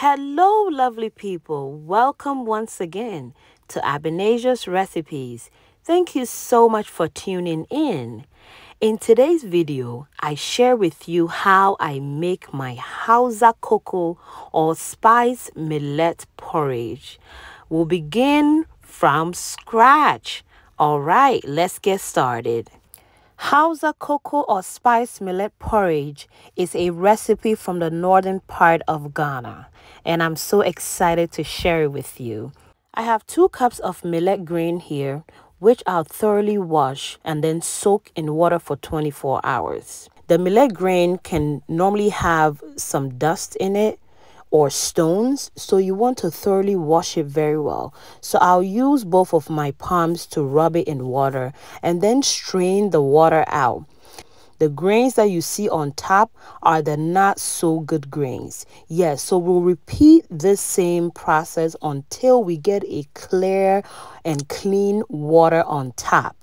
Hello, lovely people. Welcome once again to Abinasia's Recipes. Thank you so much for tuning in. In today's video, I share with you how I make my Hausa cocoa or spice millet porridge. We'll begin from scratch. All right, let's get started. Hausa cocoa or spice millet porridge is a recipe from the northern part of Ghana, and I'm so excited to share it with you. I have two cups of millet grain here, which I'll thoroughly wash and then soak in water for 24 hours. The millet grain can normally have some dust in it, or stones so you want to thoroughly wash it very well so I'll use both of my palms to rub it in water and then strain the water out the grains that you see on top are the not so good grains. Yes, so we'll repeat this same process until we get a clear and clean water on top.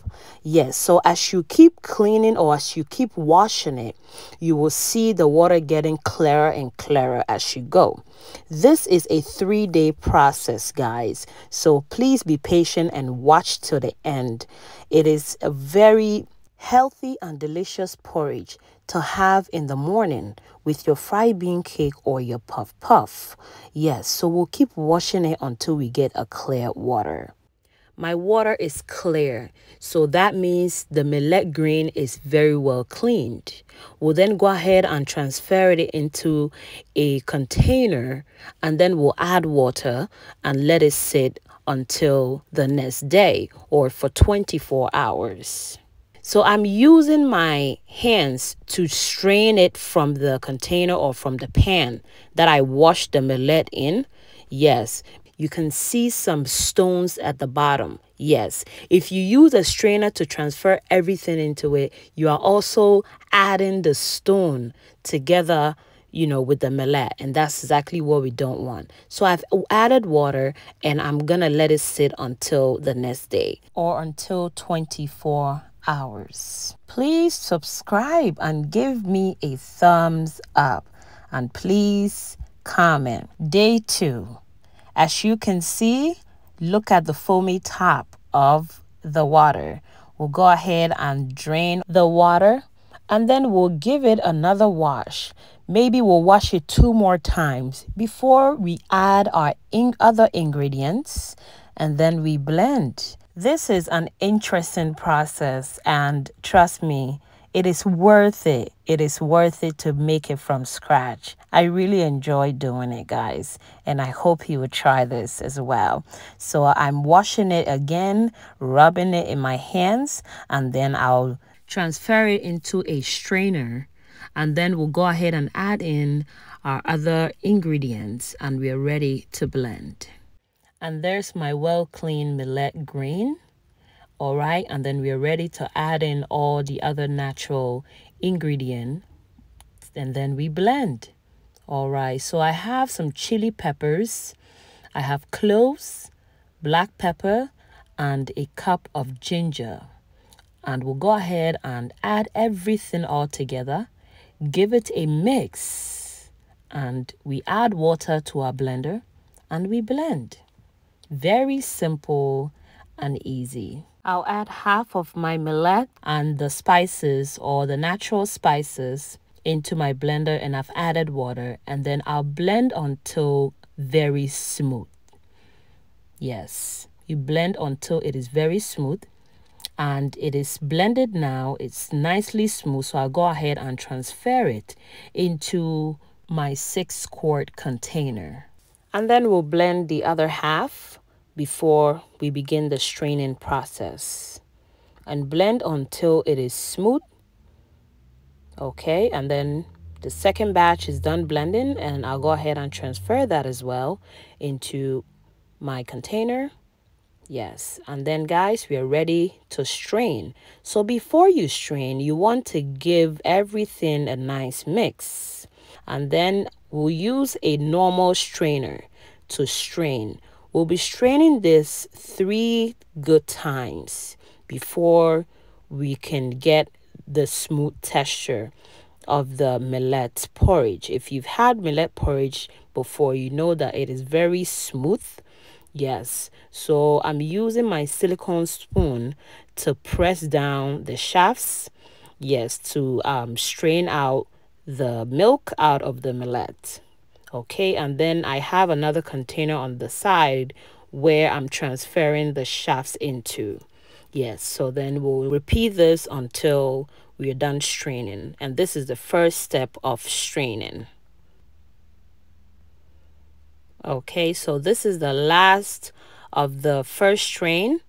Yes, so as you keep cleaning or as you keep washing it, you will see the water getting clearer and clearer as you go. This is a three day process, guys. So please be patient and watch to the end. It is a very Healthy and delicious porridge to have in the morning with your fried bean cake or your puff puff. Yes, so we'll keep washing it until we get a clear water. My water is clear, so that means the millet grain is very well cleaned. We'll then go ahead and transfer it into a container and then we'll add water and let it sit until the next day or for 24 hours. So I'm using my hands to strain it from the container or from the pan that I washed the millet in. Yes, you can see some stones at the bottom. Yes, if you use a strainer to transfer everything into it, you are also adding the stone together you know, with the millet. And that's exactly what we don't want. So I've added water and I'm going to let it sit until the next day or until 24 hours. Please subscribe and give me a thumbs up and please comment. Day two. As you can see, look at the foamy top of the water. We'll go ahead and drain the water and then we'll give it another wash. Maybe we'll wash it two more times before we add our in other ingredients and then we blend. This is an interesting process, and trust me, it is worth it. It is worth it to make it from scratch. I really enjoy doing it, guys, and I hope you will try this as well. So I'm washing it again, rubbing it in my hands, and then I'll transfer it into a strainer. And then we'll go ahead and add in our other ingredients, and we're ready to blend. And there's my well clean millet green. All right, and then we're ready to add in all the other natural ingredient and then we blend. All right, so I have some chili peppers. I have cloves, black pepper, and a cup of ginger. And we'll go ahead and add everything all together. Give it a mix. And we add water to our blender and we blend. Very simple and easy. I'll add half of my millet and the spices or the natural spices into my blender and I've added water and then I'll blend until very smooth. Yes, you blend until it is very smooth and it is blended now. It's nicely smooth. So I'll go ahead and transfer it into my six quart container. And then we'll blend the other half before we begin the straining process. And blend until it is smooth. Okay, and then the second batch is done blending and I'll go ahead and transfer that as well into my container. Yes, and then guys, we are ready to strain. So before you strain, you want to give everything a nice mix and then we'll use a normal strainer to strain we'll be straining this three good times before we can get the smooth texture of the millet porridge if you've had millet porridge before you know that it is very smooth yes so i'm using my silicone spoon to press down the shafts yes to um, strain out the milk out of the millet. Okay, and then I have another container on the side where I'm transferring the shafts into. Yes, so then we'll repeat this until we're done straining. And this is the first step of straining. Okay, so this is the last of the first strain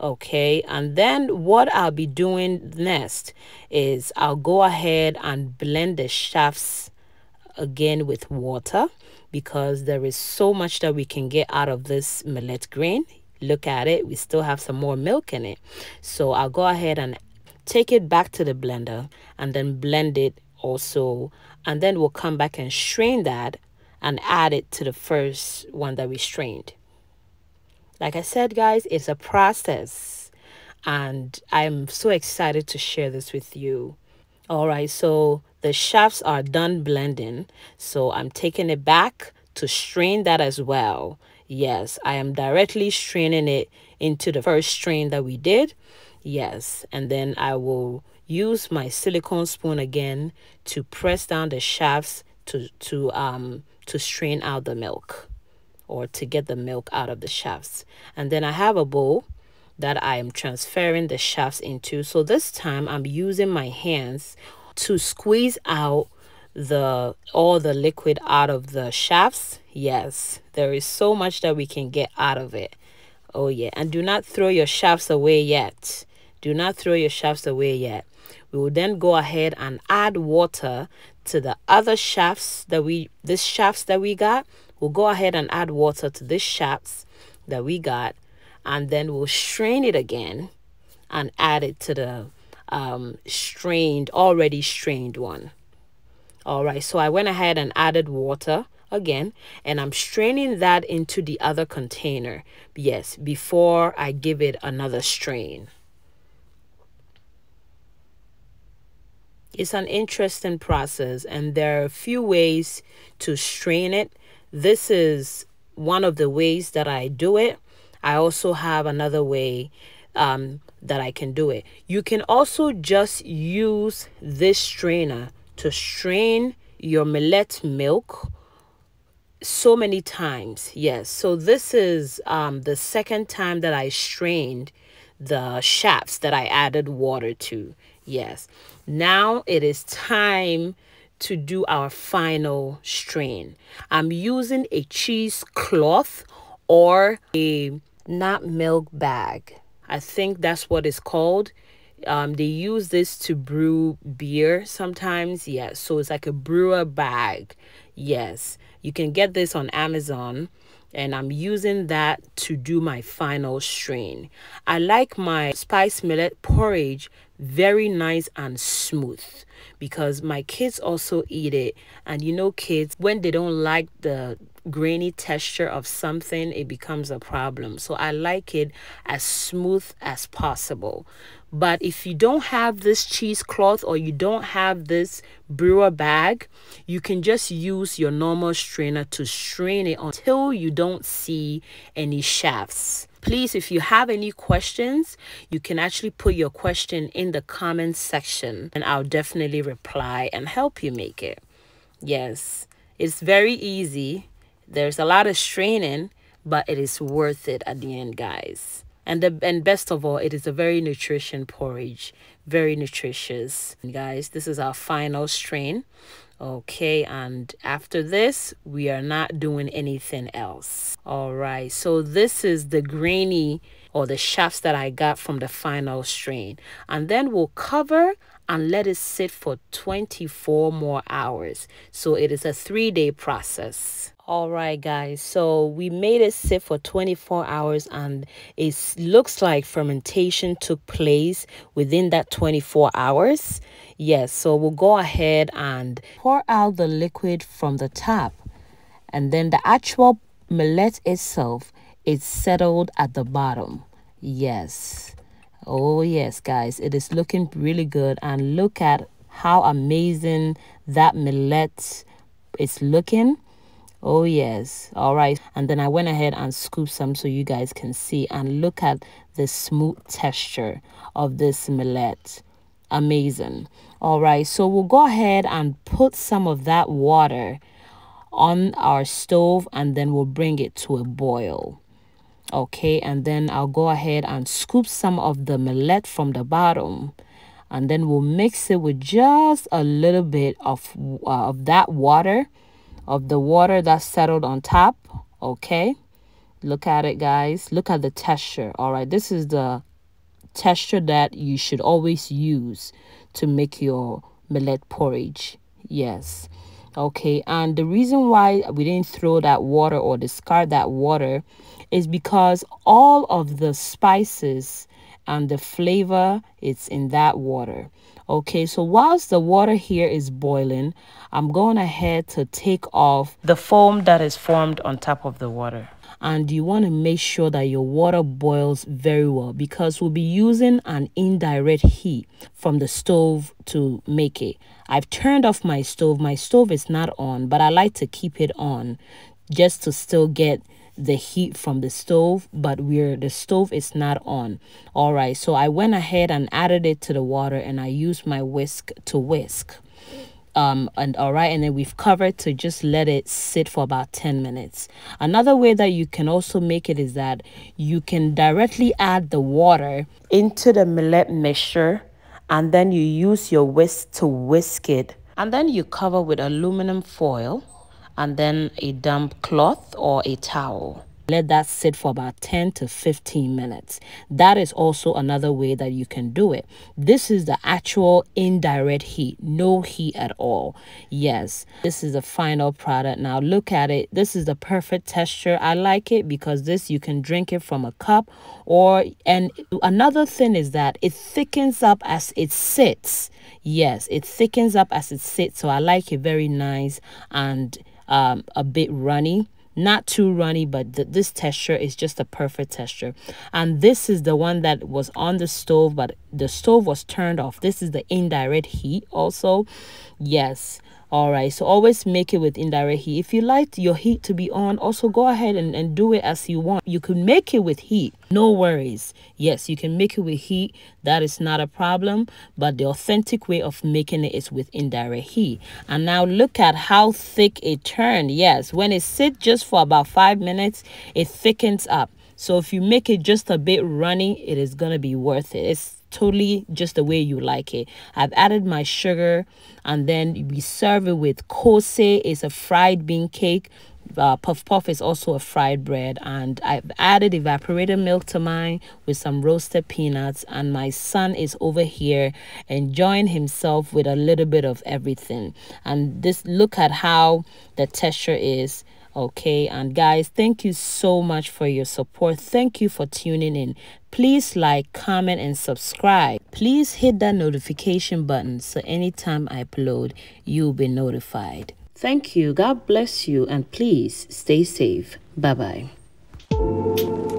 okay and then what i'll be doing next is i'll go ahead and blend the shafts again with water because there is so much that we can get out of this millet grain look at it we still have some more milk in it so i'll go ahead and take it back to the blender and then blend it also and then we'll come back and strain that and add it to the first one that we strained like I said, guys, it's a process. And I'm so excited to share this with you. All right, so the shafts are done blending. So I'm taking it back to strain that as well. Yes, I am directly straining it into the first strain that we did. Yes, and then I will use my silicone spoon again to press down the shafts to to um to strain out the milk or to get the milk out of the shafts. And then I have a bowl that I am transferring the shafts into. So this time I'm using my hands to squeeze out the all the liquid out of the shafts. Yes, there is so much that we can get out of it. Oh yeah, and do not throw your shafts away yet. Do not throw your shafts away yet. We will then go ahead and add water to the other shafts that we this shafts that we got We'll go ahead and add water to this shafts that we got and then we'll strain it again and add it to the um, strained, already strained one. All right, so I went ahead and added water again and I'm straining that into the other container. Yes, before I give it another strain. It's an interesting process and there are a few ways to strain it this is one of the ways that I do it. I also have another way um, that I can do it. You can also just use this strainer to strain your millet milk so many times. Yes, so this is um, the second time that I strained the shafts that I added water to. Yes, now it is time to do our final strain. I'm using a cheesecloth or a nut milk bag. I think that's what it's called. Um, they use this to brew beer sometimes. Yeah, so it's like a brewer bag. Yes, you can get this on Amazon and I'm using that to do my final strain. I like my spice millet porridge very nice and smooth because my kids also eat it. And you know, kids, when they don't like the grainy texture of something, it becomes a problem. So I like it as smooth as possible. But if you don't have this cheesecloth or you don't have this brewer bag, you can just use your normal strainer to strain it until you don't see any shafts. Please, if you have any questions, you can actually put your question in the comment section and I'll definitely reply and help you make it. Yes, it's very easy. There's a lot of straining, but it is worth it at the end, guys. And the and best of all, it is a very nutrition porridge, very nutritious. And guys, this is our final strain. Okay, and after this, we are not doing anything else. All right, so this is the grainy or the shafts that I got from the final strain. And then we'll cover and let it sit for 24 more hours. So it is a three day process all right guys so we made it sit for 24 hours and it looks like fermentation took place within that 24 hours yes so we'll go ahead and pour out the liquid from the tap and then the actual millet itself is settled at the bottom yes oh yes guys it is looking really good and look at how amazing that millet is looking oh yes all right and then i went ahead and scooped some so you guys can see and look at the smooth texture of this millet amazing all right so we'll go ahead and put some of that water on our stove and then we'll bring it to a boil okay and then i'll go ahead and scoop some of the millet from the bottom and then we'll mix it with just a little bit of uh, of that water of the water that settled on top. Okay. Look at it, guys. Look at the texture. All right. This is the texture that you should always use to make your millet porridge. Yes. Okay. And the reason why we didn't throw that water or discard that water is because all of the spices and the flavor it's in that water Okay, so whilst the water here is boiling, I'm going ahead to take off the foam that is formed on top of the water. And you want to make sure that your water boils very well because we'll be using an indirect heat from the stove to make it. I've turned off my stove. My stove is not on, but I like to keep it on just to still get the heat from the stove but we're the stove is not on all right so i went ahead and added it to the water and i used my whisk to whisk um, and all right and then we've covered to just let it sit for about 10 minutes another way that you can also make it is that you can directly add the water into the millet mixture and then you use your whisk to whisk it and then you cover with aluminum foil and then a damp cloth or a towel. Let that sit for about 10 to 15 minutes. That is also another way that you can do it. This is the actual indirect heat, no heat at all. Yes, this is the final product. Now look at it. This is the perfect texture. I like it because this you can drink it from a cup or and another thing is that it thickens up as it sits. Yes, it thickens up as it sits. So I like it very nice and um, a bit runny not too runny but th this texture is just a perfect texture and this is the one that was on the stove but the stove was turned off this is the indirect heat also yes all right so always make it with indirect heat if you like your heat to be on also go ahead and, and do it as you want you can make it with heat no worries yes you can make it with heat that is not a problem but the authentic way of making it is with indirect heat and now look at how thick it turned yes when it sits just for about five minutes it thickens up so if you make it just a bit runny it is going to be worth it it's totally just the way you like it. I've added my sugar and then we serve it with kose. It's a fried bean cake. Uh, puff puff is also a fried bread and I've added evaporated milk to mine with some roasted peanuts and my son is over here enjoying himself with a little bit of everything and this look at how the texture is okay and guys thank you so much for your support thank you for tuning in please like comment and subscribe please hit that notification button so anytime i upload you'll be notified thank you god bless you and please stay safe bye bye